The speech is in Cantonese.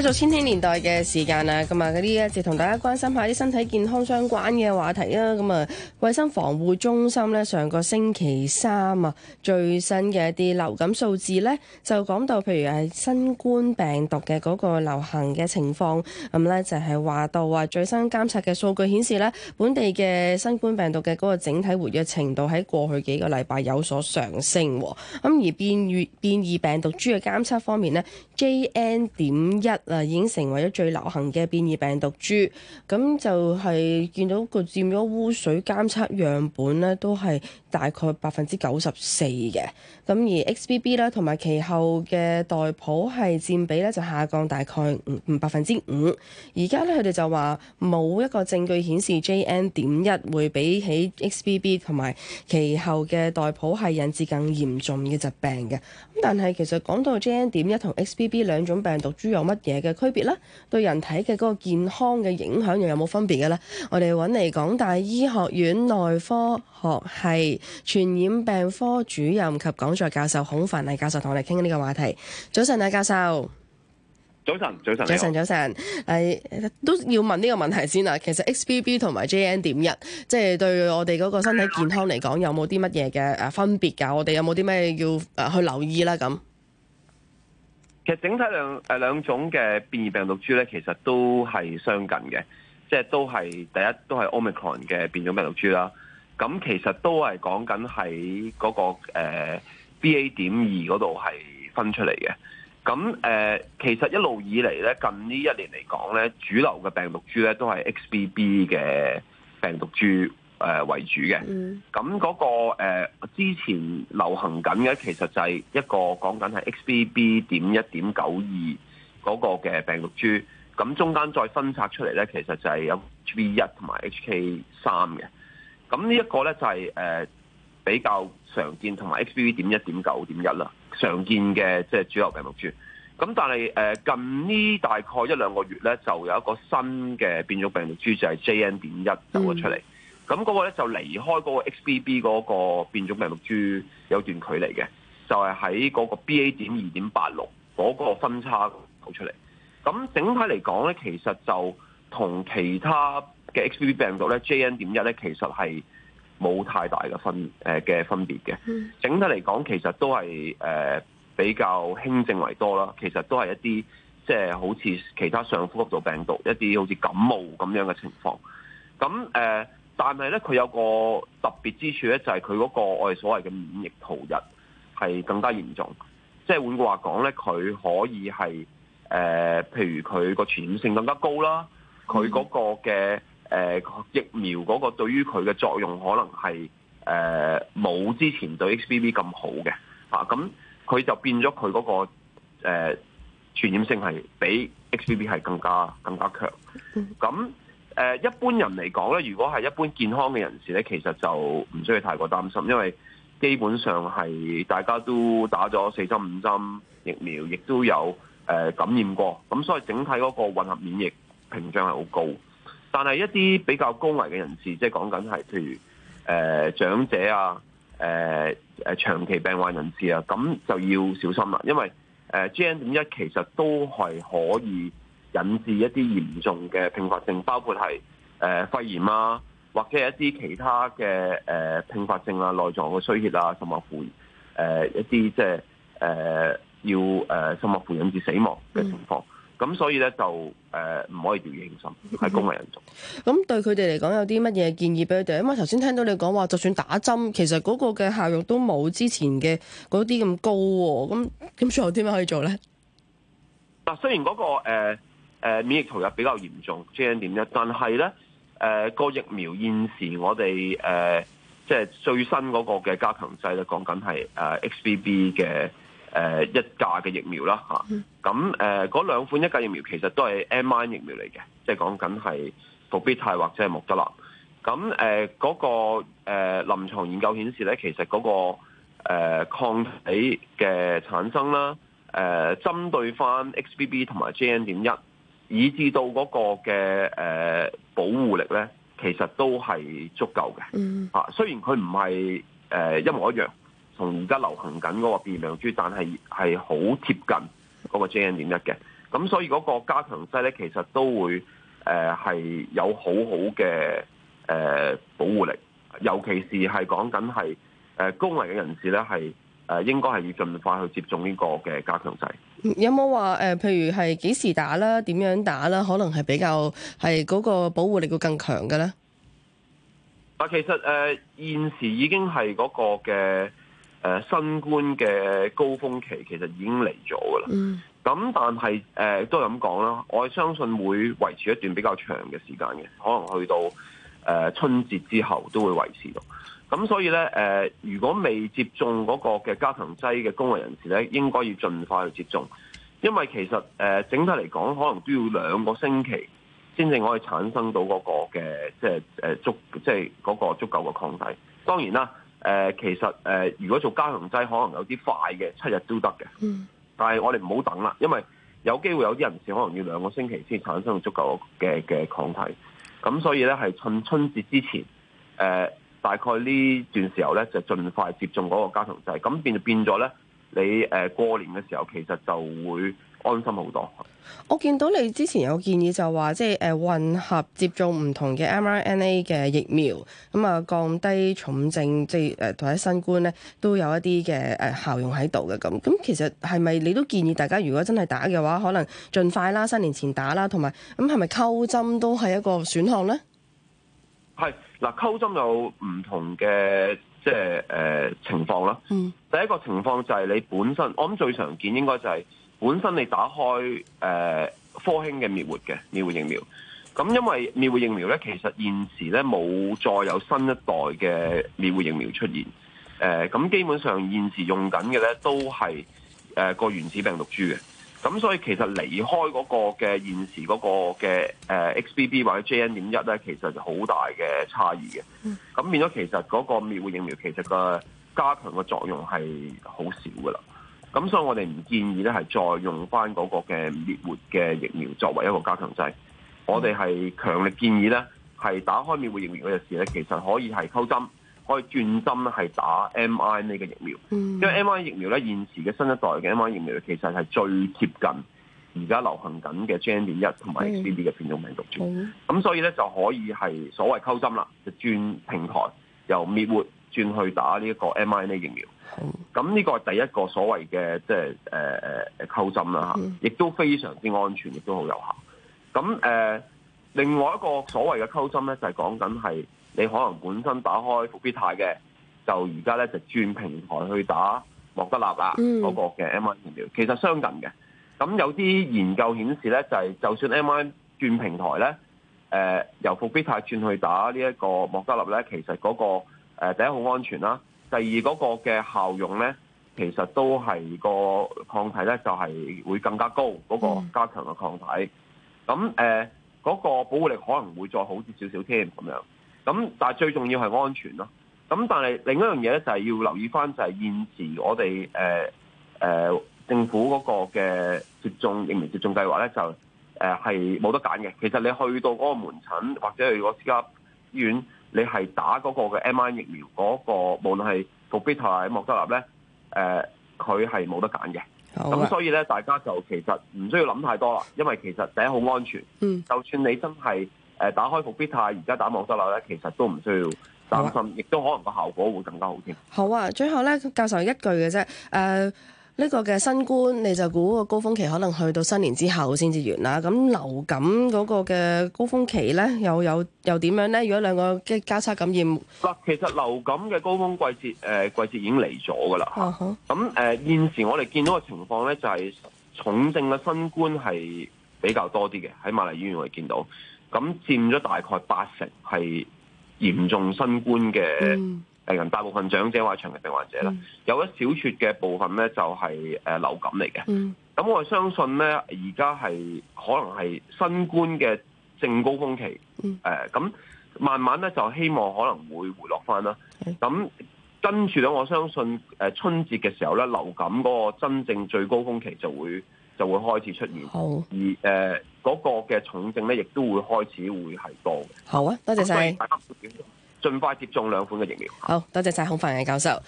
繼續千禧年代嘅時間啊，咁啊嗰啲一直同大家關心下啲身體健康相關嘅話題啊，咁啊，衞生防護中心咧上個星期三啊，最新嘅一啲流感數字咧，就講到譬如係新冠病毒嘅嗰個流行嘅情況，咁咧就係話到話最新監測嘅數據顯示咧，本地嘅新冠病毒嘅嗰個整體活躍程度喺過去幾個禮拜有所上升喎，咁而變異變異病毒株嘅監測方面呢，JN 點一，嗱已經成為咗最流行嘅變異病毒株，咁就係見到佢佔咗污水監測樣本咧，都係大概百分之九十四嘅。咁而 XBB 咧，同埋其後嘅代普系佔比咧就下降大概五五百分之五。而家咧佢哋就話冇一個證據顯示 JN 點一會比起 XBB 同埋其後嘅代普系引致更嚴重嘅疾病嘅。咁但係其實講到 JN 點一同 XBB 兩種病毒株有乜嘢嘅區別啦，對人體嘅嗰個健康嘅影響又有冇分別嘅呢？我哋揾嚟港大醫學院內科學系傳染病科主任及講座教授孔繁毅教授同我哋傾呢個話題。早晨啊，教授，早晨，早晨，早晨，你好早晨，誒、啊、都要問呢個問題先啊。其實 XBB 同埋 JN 點一，即係對我哋嗰個身體健康嚟講有冇啲乜嘢嘅誒分別㗎？我哋有冇啲咩要誒去留意啦？咁。其實整體兩誒兩種嘅變異病毒株咧，其實都係相近嘅，即係都係第一都係 Omicron 嘅變種病毒株啦。咁其實都係講緊喺嗰個、呃、BA.2 嗰度係分出嚟嘅。咁誒、呃、其實一路以嚟咧，近呢一年嚟講咧，主流嘅病毒株咧都係 XBB 嘅病毒株。誒、呃、為主嘅，咁嗰、那個、呃、之前流行緊嘅，其實就係一個講緊係 XBB. 點一點九二嗰個嘅病毒株，咁中間再分拆出嚟咧，其實就係有 HV 一同埋 HK 三嘅，咁呢一個咧就係、是、誒、呃、比較常見同埋 XBB. 點一點九點一啦，常見嘅即係主流病毒株，咁但係誒、呃、近呢大概一兩個月咧，就有一個新嘅變種病毒株就係、是、JN. 點一走咗出嚟。嗯。咁嗰個咧就離開嗰個 XBB 嗰個變種病毒株有段距離嘅，就係喺嗰個 BA 2.86嗰個分差度出嚟。咁整體嚟講咧，其實就同其他嘅 XBB 病毒咧 JN 1咧，其實係冇太大嘅分誒嘅分別嘅。整體嚟講，其實都係誒比較輕症為多啦。其實都係一啲即係好似其他上呼吸道病毒一啲好似感冒咁樣嘅情況。咁誒。但係咧，佢有個特別之處咧，就係佢嗰個我哋所謂嘅免疫逃逸係更加嚴重是說說，即係換句話講咧，佢可以係誒、呃，譬如佢個傳染性更加高啦，佢嗰個嘅誒、呃、疫苗嗰個對於佢嘅作用可能係誒冇之前對 XBB 咁好嘅。啊，咁佢就變咗佢嗰個誒、呃、傳染性係比 XBB 係更加更加強。咁誒一般人嚟講咧，如果係一般健康嘅人士咧，其實就唔需要太過擔心，因為基本上係大家都打咗四針五針疫苗，亦都有誒感染過，咁所以整體嗰個混合免疫屏障係好高。但係一啲比較高危嘅人士，即係講緊係譬如誒、呃、長者啊、呃、長期病患人士啊，咁就要小心啦，因為 JN.1.1 其實都係可以引致一啲嚴重嘅併發症，包括係誒、呃、肺炎啊，或者一啲其他嘅誒併發症啊、內臟嘅衰竭啊，甚至乎誒一啲即係誒要誒、呃、甚至乎引致死亡嘅情況。咁、嗯、所以咧就誒唔、呃、可以掉以輕心，係公衆人做。咁、嗯、對佢哋嚟講有啲乜嘢建議俾佢哋？因為頭先聽到你講話，就算打針，其實嗰個嘅效用都冇之前嘅嗰啲咁高喎。咁咁最後點樣可以做咧？嗱，雖然嗰、那個、呃呃、免疫逃逸比較嚴重，JN.1，但係咧誒個疫苗現時我哋誒、呃、即係最新嗰個嘅加強劑咧，講緊係誒 XBB 嘅誒一價嘅疫苗啦嚇。咁誒嗰兩款一價疫苗其實都係 mRNA 疫苗嚟嘅，即係講緊係伏必泰或者係莫德納。咁誒嗰個誒、呃、臨牀研究顯示咧，其實嗰、那個、呃、抗體嘅產生啦，誒、呃、針對翻 XBB 同埋 JN.1。以至到嗰個嘅誒保護力咧，其實都係足夠嘅。嗯，嚇，雖然佢唔係誒一模一樣，同而家流行緊嗰個變異株，但係係好貼近嗰個 JN. 點一嘅。咁所以嗰個加強劑咧，其實都會誒係、呃、有好好嘅誒保護力，尤其是係講緊係誒高危嘅人士咧，係。誒應該係要盡快去接種呢個嘅加強劑。有冇話誒？譬如係幾時打啦？點樣打啦？可能係比較係嗰個保護力會更強嘅咧。啊，其實誒、呃、現時已經係嗰個嘅誒、呃、新冠嘅高峰期，其實已經嚟咗噶啦。咁、嗯、但係誒、呃、都係咁講啦，我相信會維持一段比較長嘅時間嘅，可能去到。誒春節之後都會維持到，咁所以咧誒、呃，如果未接種嗰個嘅加強劑嘅公眾人，人士咧，應該要盡快去接種，因為其實誒、呃、整體嚟講，可能都要兩個星期先至可以產生到嗰個嘅即係誒足即係嗰、嗰個足夠嘅抗體。當然啦，誒、呃、其實誒、呃、如果做加強劑，可能有啲快嘅七日都得嘅，嗯，但係我哋唔好等啦，因為有機會有啲人士可能要兩個星期先產生足夠嘅嘅抗體。咁所以咧，係趁春節之前，誒、呃，大概呢段時候咧，就盡快接種嗰個加強劑，咁、就是、變變咗咧，你誒、呃、過年嘅時候，其實就會。安心好多。我見到你之前有建議就話，即係誒混合接種唔同嘅 mRNA 嘅疫苗，咁、嗯、啊降低重症，即係誒、呃、或者新冠咧都有一啲嘅誒效用喺度嘅咁。咁其實係咪你都建議大家如果真係打嘅話，可能盡快啦，新年前打啦，同埋咁係咪溝針都係一個選項咧？係嗱，溝針有唔同嘅即係誒情況啦。嗯、第一個情況就係你本身，我諗最常見應該就係、是。本身你打開誒、呃、科興嘅滅活嘅滅活疫苗，咁因為滅活疫苗咧，其實現時咧冇再有新一代嘅滅活疫苗出現，誒、呃、咁基本上現時用緊嘅咧都係誒個原始病毒株嘅，咁所以其實離開嗰個嘅現時嗰個嘅誒 XBB 或者 JN.1 咧，其實就好大嘅差異嘅，咁變咗其實嗰個滅活疫苗其實個加強嘅作用係好少噶啦。咁所以我哋唔建議咧，係再用翻嗰個嘅滅活嘅疫苗作為一個加強劑。我哋係強烈建議咧，係打開滅活疫苗嗰陣時咧，其實可以係溝針，可以轉針係係打 M I 呢個疫苗。因為 M I 疫苗咧，現時嘅新一代嘅 M I 疫苗其實係最貼近而家流行緊嘅 J N 一同埋 X B B 嘅變種病毒。咁所以咧就可以係所謂溝針啦，就轉平台由滅活。轉去打呢一個 mRNA 疫苗，咁呢個係第一個所謂嘅即係誒誒誒溝針啦嚇，亦、啊、都非常之安全，亦都好有效。咁誒、呃，另外一個所謂嘅溝針咧，就係、是、講緊係你可能本身打開復必泰嘅，就而家咧就轉平台去打莫德納啦嗰、那個嘅 mRNA 疫苗，其實相近嘅。咁有啲研究顯示咧，就係、是、就算 mRNA 轉平台咧，誒、呃、由復必泰轉去打呢一個莫德納咧，其實嗰、那個。誒第一好安全啦，第二嗰個嘅效用咧，其實都係個抗體咧，就係會更加高嗰個加強嘅抗體。咁誒嗰個保護力可能會再好啲少少添咁樣。咁但係最重要係安全咯。咁但係另一樣嘢咧就係要留意翻，就係現時我哋誒誒政府嗰個嘅接種疫苗接種計劃咧，就誒係冇得揀嘅。其實你去到嗰個門診或者去嗰個私家醫院。你係打嗰個嘅 mRNA 疫苗嗰、嗰個，無論係復必泰、莫德納咧，誒佢係冇得揀嘅。咁、啊、所以咧，大家就其實唔需要諗太多啦，因為其實第一好安全。嗯，就算你真係誒打開復必泰，而家打莫德納咧，其實都唔需要擔心，亦、啊、都可能個效果會更加好啲。好啊，最後咧，教授一句嘅啫，呃呢個嘅新冠，你就估個高峰期可能去到新年之後先至完啦。咁流感嗰個嘅高峰期咧，又有又點樣咧？如果兩個嘅交叉感染，嗱，其實流感嘅高峰季節，誒、呃、季節已經嚟咗噶啦。咁誒、uh huh. 嗯呃，現時我哋見到嘅情況咧，就係重症嘅新冠係比較多啲嘅，喺瑪麗醫院我哋見到，咁佔咗大概八成係嚴重新冠嘅。Mm. 誒，大部分長者或者長期病患者啦，嗯、有一小撮嘅部分咧就係誒流感嚟嘅。咁、嗯、我相信咧，而家係可能係新冠嘅正高峰期。誒咁、嗯呃、慢慢咧就希望可能會回落翻啦。咁、嗯、跟住咧，我相信誒春節嘅時候咧，流感嗰個真正最高峰期就會就會開始出現，好而誒嗰個嘅重症咧，亦都會開始會係多嘅。好啊，多謝晒。盡快接種兩款嘅疫苗。好多謝晒孔繁毅教授。